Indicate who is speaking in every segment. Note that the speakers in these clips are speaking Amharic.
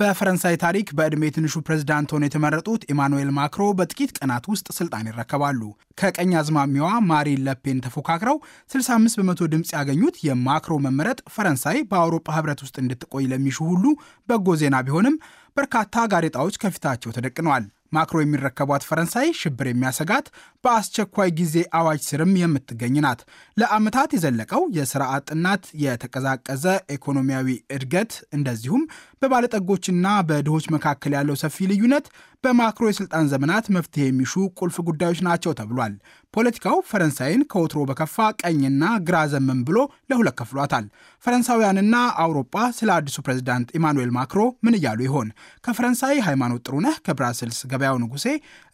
Speaker 1: በፈረንሳይ ታሪክ በዕድሜ ትንሹ ፕሬዝዳንት ሆነው የተመረጡት ኢማኑኤል ማክሮ በጥቂት ቀናት ውስጥ ስልጣን ይረከባሉ። ከቀኝ አዝማሚዋ ማሪን ለፔን ተፎካክረው 65 በመቶ ድምፅ ያገኙት የማክሮ መመረጥ ፈረንሳይ በአውሮፓ ህብረት ውስጥ እንድትቆይ ለሚሹ ሁሉ በጎ ዜና ቢሆንም በርካታ ጋሬጣዎች ከፊታቸው ተደቅነዋል። ማክሮ የሚረከቧት ፈረንሳይ ሽብር የሚያሰጋት በአስቸኳይ ጊዜ አዋጅ ስርም የምትገኝ ናት። ለአመታት የዘለቀው የሥራ አጥነት፣ የተቀዛቀዘ ኢኮኖሚያዊ እድገት እንደዚሁም በባለጠጎችና በድሆች መካከል ያለው ሰፊ ልዩነት በማክሮ የስልጣን ዘመናት መፍትሄ የሚሹ ቁልፍ ጉዳዮች ናቸው ተብሏል። ፖለቲካው ፈረንሳይን ከወትሮ በከፋ ቀኝና ግራ ዘመን ብሎ ለሁለት ከፍሏታል። ፈረንሳውያንና አውሮፓ ስለ አዲሱ ፕሬዝዳንት ኢማኑኤል ማክሮ ምን እያሉ ይሆን? ከፈረንሳይ ሃይማኖት ጥሩነህ ከብራስልስ ገበያው ንጉሴ፣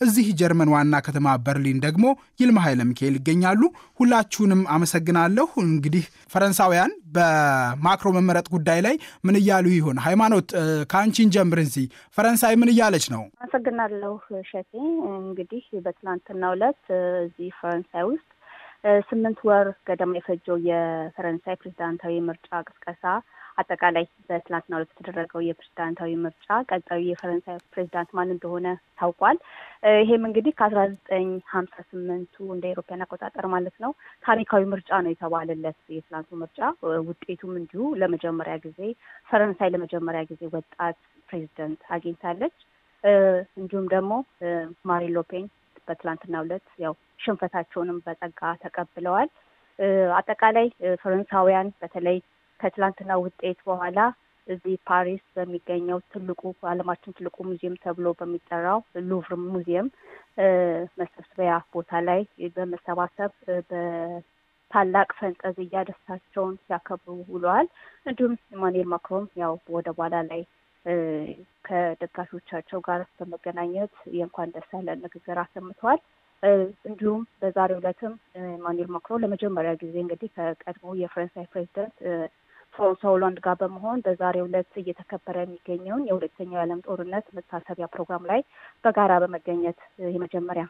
Speaker 1: እዚህ ጀርመን ዋና ከተማ በርሊን ደግሞ ይልማ ኃይለ ሚካኤል ይገኛሉ። ሁላችሁንም አመሰግናለሁ። እንግዲህ ፈረንሳውያን በማክሮ መመረጥ ጉዳይ ላይ ምን እያሉ ይሆን? ሃይማኖት ከአንቺን ጀምር ፈረንሳይ ምን እያለች ነው?
Speaker 2: አመሰግናለሁ ሸቴ። እንግዲህ በትናንትናው ዕለት እዚህ ፈረንሳይ ውስጥ ስምንት ወር ገደማ የፈጀው የፈረንሳይ ፕሬዚዳንታዊ ምርጫ ቅስቀሳ አጠቃላይ በትላንትና ዕለት የተደረገው የፕሬዚዳንታዊ ምርጫ ቀጣዩ የፈረንሳይ ፕሬዚዳንት ማን እንደሆነ ታውቋል። ይሄም እንግዲህ ከአስራ ዘጠኝ ሀምሳ ስምንቱ እንደ ኤሮፓያን አቆጣጠር ማለት ነው ታሪካዊ ምርጫ ነው የተባለለት የትላንቱ ምርጫ ውጤቱም እንዲሁ ለመጀመሪያ ጊዜ ፈረንሳይ ለመጀመሪያ ጊዜ ወጣት ፕሬዚደንት አግኝታለች። እንዲሁም ደግሞ ማሪን ሎፔን በትላንትና ሁለት ያው ሽንፈታቸውንም በጸጋ ተቀብለዋል። አጠቃላይ ፈረንሳውያን በተለይ ከትላንትና ውጤት በኋላ እዚህ ፓሪስ በሚገኘው ትልቁ ዓለማችን ትልቁ ሙዚየም ተብሎ በሚጠራው ሉቭር ሙዚየም መሰብሰቢያ ቦታ ላይ በመሰባሰብ በታላቅ ፈንጠዝያ ደስታቸውን ሲያከብሩ ውለዋል። እንዲሁም ኢማኑኤል ማክሮን ያው ወደ በኋላ ላይ ከደጋፊዎቻቸው ጋር በመገናኘት የእንኳን ደስ ያለን ንግግር አሰምተዋል። እንዲሁም በዛሬው ዕለትም ኢማኑኤል ማክሮን ለመጀመሪያ ጊዜ እንግዲህ ከቀድሞ የፈረንሳይ ፕሬዚደንት ፍራንሷ ሆላንድ ጋር በመሆን በዛሬው ዕለት እየተከበረ የሚገኘውን የሁለተኛው የዓለም ጦርነት መታሰቢያ ፕሮግራም ላይ በጋራ በመገኘት የመጀመሪያ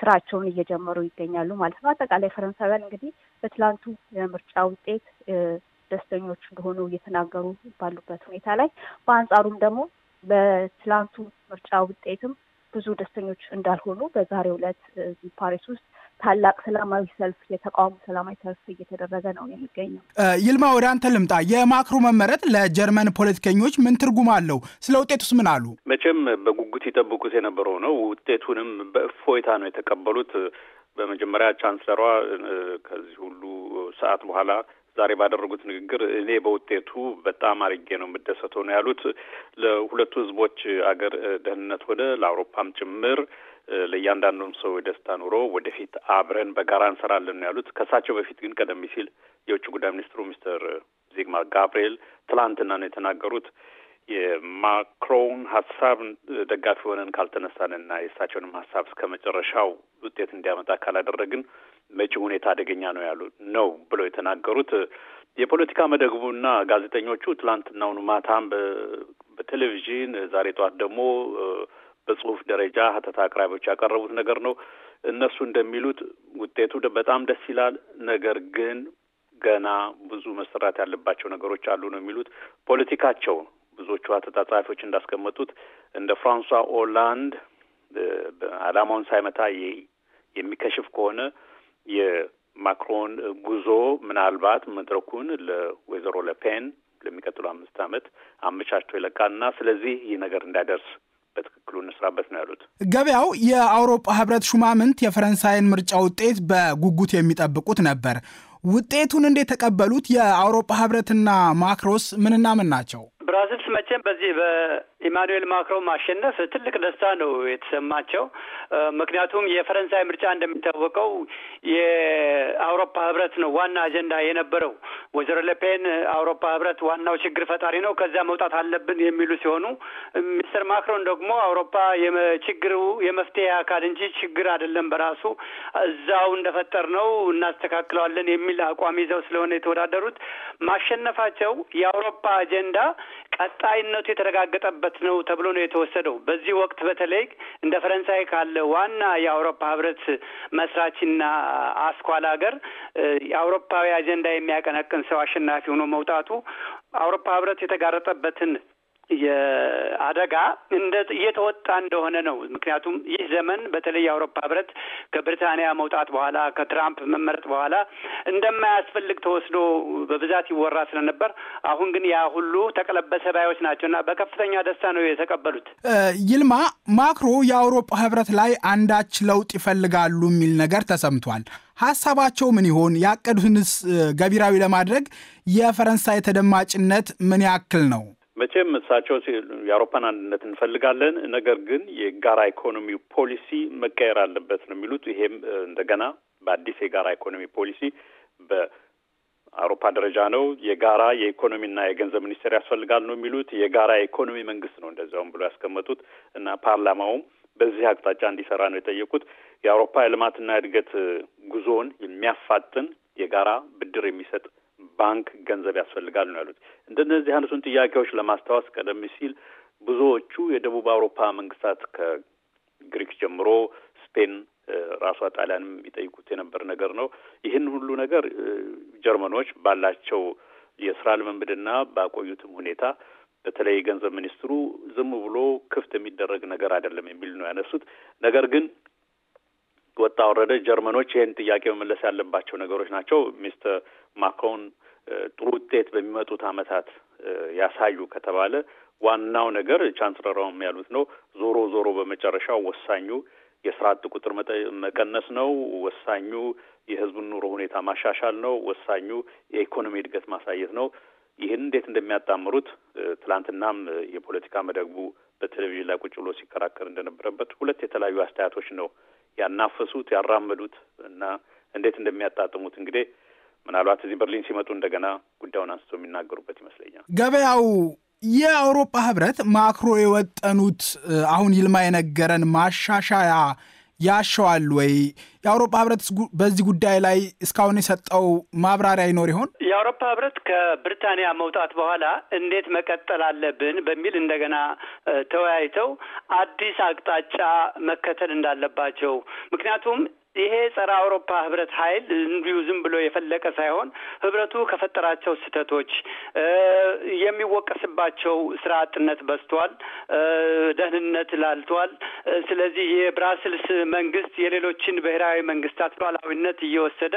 Speaker 2: ስራቸውን እየጀመሩ ይገኛሉ ማለት ነው። አጠቃላይ ፈረንሳውያን እንግዲህ በትላንቱ የምርጫ ውጤት ደስተኞች እንደሆኑ እየተናገሩ ባሉበት ሁኔታ ላይ በአንጻሩም ደግሞ በትላንቱ ምርጫ ውጤትም ብዙ ደስተኞች እንዳልሆኑ በዛሬው ዕለት እዚህ ፓሪስ ውስጥ ታላቅ ሰላማዊ ሰልፍ የተቃውሞ ሰላማዊ ሰልፍ እየተደረገ ነው የሚገኘው።
Speaker 1: ይልማ ወደ አንተ ልምጣ። የማክሮ መመረጥ ለጀርመን ፖለቲከኞች ምን ትርጉም አለው? ስለ ውጤቱስ ምን አሉ?
Speaker 3: መቼም በጉጉት ይጠብቁት የነበረው ነው። ውጤቱንም በእፎይታ ነው የተቀበሉት። በመጀመሪያ ቻንስለሯ ከዚህ ሁሉ ሰዓት በኋላ ዛሬ ባደረጉት ንግግር እኔ በውጤቱ በጣም አርጌ ነው የምደሰተው ነው ያሉት። ለሁለቱ ህዝቦች አገር ደህንነት ወደ ለአውሮፓም ጭምር ለእያንዳንዱም ሰው የደስታ ኑሮ ወደፊት አብረን በጋራ እንሰራለን ነው ያሉት። ከእሳቸው በፊት ግን ቀደም ሲል የውጭ ጉዳይ ሚኒስትሩ ሚስተር ዚግማር ጋብርኤል ትላንትና ነው የተናገሩት። የማክሮን ሀሳብ ደጋፊ ሆነን ካልተነሳንና የእሳቸውንም ሀሳብ እስከ መጨረሻው ውጤት እንዲያመጣ ካላደረግን መጪ ሁኔታ አደገኛ ነው ያሉ ነው ብለው የተናገሩት የፖለቲካ መደግቡና ጋዜጠኞቹ ትላንትናውን ማታም በቴሌቪዥን ዛሬ ጠዋት ደግሞ በጽሁፍ ደረጃ ሀተታ አቅራቢዎች ያቀረቡት ነገር ነው። እነሱ እንደሚሉት ውጤቱ በጣም ደስ ይላል፣ ነገር ግን ገና ብዙ መሰራት ያለባቸው ነገሮች አሉ ነው የሚሉት። ፖለቲካቸው ብዙዎቹ ሀተታ ጸሐፊዎች እንዳስቀመጡት እንደ ፍራንሷ ኦላንድ አላማውን ሳይመታ የሚከሽፍ ከሆነ የማክሮን ጉዞ ምናልባት መድረኩን ለወይዘሮ ለፔን ለሚቀጥሉ አምስት ዓመት አመቻችቶ ይለቃልና ስለዚህ ይህ ነገር እንዳይደርስ በትክክሉ እንስራበት ነው ያሉት።
Speaker 1: ገበያው የአውሮፓ ህብረት ሹማምንት የፈረንሳይን ምርጫ ውጤት በጉጉት የሚጠብቁት ነበር። ውጤቱን እንዴት ተቀበሉት? የአውሮፓ ህብረትና ማክሮስ ምንና ምን ናቸው?
Speaker 4: ብራዚልስ መቼም በዚህ ኢማኑኤል ማክሮን ማሸነፍ ትልቅ ደስታ ነው የተሰማቸው። ምክንያቱም የፈረንሳይ ምርጫ እንደሚታወቀው የአውሮፓ ህብረት ነው ዋና አጀንዳ የነበረው። ወይዘሮ ለፔን አውሮፓ ህብረት ዋናው ችግር ፈጣሪ ነው፣ ከዚያ መውጣት አለብን የሚሉ ሲሆኑ ሚስተር ማክሮን ደግሞ አውሮፓ ችግሩ የመፍትሄ አካል እንጂ ችግር አይደለም በራሱ እዛው እንደፈጠር ነው እናስተካክለዋለን የሚል አቋም ይዘው ስለሆነ የተወዳደሩት ማሸነፋቸው የአውሮፓ አጀንዳ ቀጣይነቱ የተረጋገጠበት ወቅት ነው ተብሎ ነው የተወሰደው። በዚህ ወቅት በተለይ እንደ ፈረንሳይ ካለ ዋና የአውሮፓ ህብረት መስራችና አስኳል ሀገር የአውሮፓዊ አጀንዳ የሚያቀነቅን ሰው አሸናፊ ሆኖ መውጣቱ አውሮፓ ህብረት የተጋረጠበትን የአደጋ እንደ እየተወጣ እንደሆነ ነው። ምክንያቱም ይህ ዘመን በተለይ የአውሮፓ ህብረት ከብሪታንያ መውጣት በኋላ ከትራምፕ መመረጥ በኋላ እንደማያስፈልግ ተወስዶ በብዛት ይወራ ስለነበር አሁን ግን ያ ሁሉ ተቀለበሰ ባዮች ናቸው እና በከፍተኛ ደስታ ነው የተቀበሉት።
Speaker 1: ይልማ ማክሮ የአውሮፓ ህብረት ላይ አንዳች ለውጥ ይፈልጋሉ የሚል ነገር ተሰምቷል። ሀሳባቸው ምን ይሆን? ያቀዱትንስ ገቢራዊ ለማድረግ የፈረንሳይ ተደማጭነት ምን ያክል ነው?
Speaker 3: መቼም እሳቸው የአውሮፓን አንድነት እንፈልጋለን፣ ነገር ግን የጋራ ኢኮኖሚ ፖሊሲ መቀየር አለበት ነው የሚሉት። ይሄም እንደገና በአዲስ የጋራ ኢኮኖሚ ፖሊሲ በአውሮፓ ደረጃ ነው። የጋራ የኢኮኖሚና የገንዘብ ሚኒስቴር ያስፈልጋል ነው የሚሉት። የጋራ የኢኮኖሚ መንግስት ነው እንደዚያውም ብሎ ያስቀመጡት እና ፓርላማውም በዚህ አቅጣጫ እንዲሰራ ነው የጠየቁት። የአውሮፓ የልማትና እድገት ጉዞውን የሚያፋጥን የጋራ ብድር የሚሰጥ ባንክ ገንዘብ ያስፈልጋል ነው ያሉት። እንደነዚህ አይነቱን ጥያቄዎች ለማስታወስ ቀደም ሲል ብዙዎቹ የደቡብ አውሮፓ መንግስታት ከግሪክ ጀምሮ ስፔን፣ ራሷ ጣሊያንም ይጠይቁት የነበር ነገር ነው። ይህን ሁሉ ነገር ጀርመኖች ባላቸው የስራ ልምምድና ባቆዩትም ሁኔታ በተለይ የገንዘብ ሚኒስትሩ ዝም ብሎ ክፍት የሚደረግ ነገር አይደለም የሚል ነው ያነሱት። ነገር ግን ወጣ ወረደ ጀርመኖች ይህን ጥያቄ መመለስ ያለባቸው ነገሮች ናቸው። ሚስተር ማክሮን ጥሩ ውጤት በሚመጡት ዓመታት ያሳዩ ከተባለ ዋናው ነገር ቻንስለራውም ያሉት ነው። ዞሮ ዞሮ በመጨረሻው ወሳኙ የስራ አጥ ቁጥር መቀነስ ነው። ወሳኙ የህዝቡን ኑሮ ሁኔታ ማሻሻል ነው። ወሳኙ የኢኮኖሚ እድገት ማሳየት ነው። ይህን እንዴት እንደሚያጣምሩት ትላንትናም የፖለቲካ መደግቡ በቴሌቪዥን ላይ ቁጭ ብሎ ሲከራከር እንደነበረበት ሁለት የተለያዩ አስተያየቶች ነው ያናፈሱት ያራመዱት እና እንዴት እንደሚያጣጥሙት እንግዲህ ምናልባት እዚህ በርሊን ሲመጡ እንደገና ጉዳዩን አንስቶ የሚናገሩበት ይመስለኛል።
Speaker 1: ገበያው የአውሮፓ ህብረት ማክሮ የወጠኑት አሁን ይልማ የነገረን ማሻሻያ ያሸዋል ወይ? የአውሮፓ ህብረት በዚህ ጉዳይ ላይ እስካሁን የሰጠው ማብራሪያ ይኖር ይሆን?
Speaker 4: የአውሮፓ ህብረት ከብሪታንያ መውጣት በኋላ እንዴት መቀጠል አለብን በሚል እንደገና ተወያይተው አዲስ አቅጣጫ መከተል እንዳለባቸው ምክንያቱም ይሄ ጸረ አውሮፓ ህብረት ኃይል እንዲሁ ዝም ብሎ የፈለቀ ሳይሆን ህብረቱ ከፈጠራቸው ስህተቶች የሚወቀስባቸው ስራ አጥነት በዝቷል፣ ደህንነት ላልቷል። ስለዚህ የብራስልስ መንግስት የሌሎችን ብሔራዊ መንግስታት ሉዓላዊነት እየወሰደ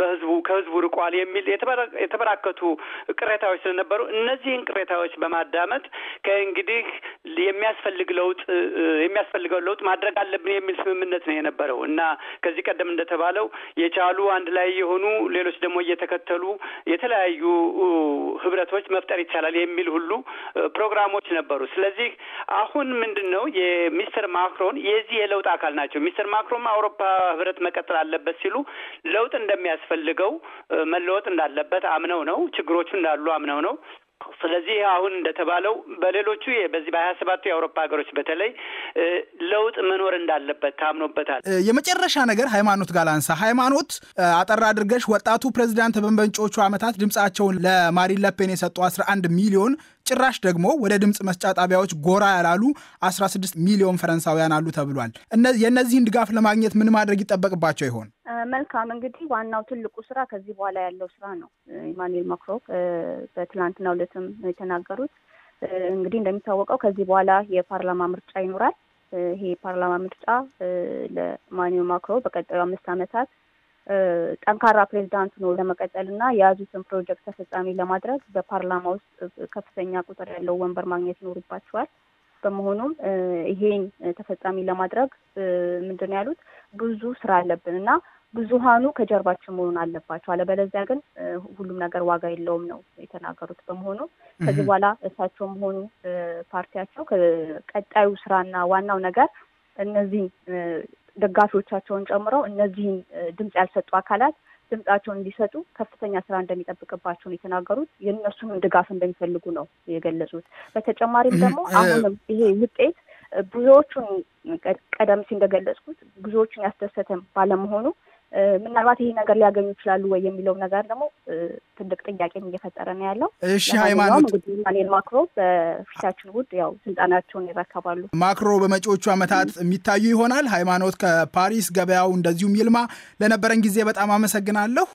Speaker 4: በህዝቡ ከህዝቡ ርቋል የሚል የተበራከቱ ቅሬታዎች ስለነበሩ እነዚህን ቅሬታዎች በማዳመጥ ከእንግዲህ የሚያስፈልግ ለውጥ የሚያስፈልገው ለውጥ ማድረግ አለብን የሚል ስምምነት ነው የነበረው እና ከዚህ ቀደም እንደተባለው የቻሉ አንድ ላይ የሆኑ ሌሎች ደግሞ እየተከተሉ የተለያዩ ህብረቶች መፍጠር ይቻላል የሚል ሁሉ ፕሮግራሞች ነበሩ። ስለዚህ አሁን ምንድን ነው የሚስተር ማክሮን የዚህ የለውጥ አካል ናቸው። ሚስተር ማክሮን አውሮፓ ህብረት መቀጠል አለበት ሲሉ ለውጥ እንደሚያስፈልገው መለወጥ እንዳለበት አምነው ነው። ችግሮቹ እንዳሉ አምነው ነው። ስለዚህ አሁን እንደተባለው በሌሎቹ በዚህ በሀያ ሰባቱ የአውሮፓ ሀገሮች በተለይ ለውጥ መኖር እንዳለበት ታምኖበታል።
Speaker 1: የመጨረሻ ነገር ሃይማኖት ጋር ላንሳ። ሃይማኖት አጠር አድርገሽ ወጣቱ ፕሬዚዳንት በመንጮቹ ዓመታት ድምፃቸውን ለማሪን ለፔን የሰጡ አስራ አንድ ሚሊዮን ጭራሽ ደግሞ ወደ ድምፅ መስጫ ጣቢያዎች ጎራ ያላሉ 16 ሚሊዮን ፈረንሳውያን አሉ ተብሏል። የእነዚህን ድጋፍ ለማግኘት ምን ማድረግ ይጠበቅባቸው ይሆን?
Speaker 2: መልካም እንግዲህ ዋናው ትልቁ ስራ ከዚህ በኋላ ያለው ስራ ነው። ኢማኑኤል ማክሮ በትላንትና ዕለትም የተናገሩት እንግዲህ እንደሚታወቀው ከዚህ በኋላ የፓርላማ ምርጫ ይኖራል። ይሄ የፓርላማ ምርጫ ለኢማኑኤል ማክሮ በቀጣዩ አምስት ዓመታት ጠንካራ ፕሬዚዳንት ሆኖ ለመቀጠል እና የያዙትን ፕሮጀክት ተፈጻሚ ለማድረግ በፓርላማ ውስጥ ከፍተኛ ቁጥር ያለው ወንበር ማግኘት ይኖርባቸዋል። በመሆኑም ይሄን ተፈጻሚ ለማድረግ ምንድን ነው ያሉት ብዙ ስራ አለብን እና ብዙሀኑ ከጀርባችን መሆን አለባቸው፣ አለበለዚያ ግን ሁሉም ነገር ዋጋ የለውም ነው የተናገሩት። በመሆኑ ከዚህ በኋላ እሳቸውም ሆኑ ፓርቲያቸው ቀጣዩ ስራና ዋናው ነገር እነዚህ ደጋፊዎቻቸውን ጨምረው እነዚህን ድምፅ ያልሰጡ አካላት ድምጻቸውን እንዲሰጡ ከፍተኛ ስራ እንደሚጠብቅባቸውን የተናገሩት የእነሱንም ድጋፍ እንደሚፈልጉ ነው የገለጹት። በተጨማሪም ደግሞ አሁንም ይሄ ውጤት ብዙዎቹን ቀደም ሲል እንደገለጽኩት ብዙዎቹን ያስደሰተም ባለመሆኑ ምናልባት ይሄ ነገር ሊያገኙ ይችላሉ ወይ የሚለው ነገር ደግሞ ትልቅ ጥያቄም እየፈጠረ ነው ያለው። እሺ ሃይማኖት እንግዲህ ማክሮ በፊታችን እሑድ ያው ስልጣናቸውን ይረከባሉ።
Speaker 1: ማክሮ በመጪዎቹ ዓመታት የሚታዩ ይሆናል። ሃይማኖት ከፓሪስ ገበያው እንደዚሁም ይልማ፣ ለነበረን ጊዜ በጣም አመሰግናለሁ።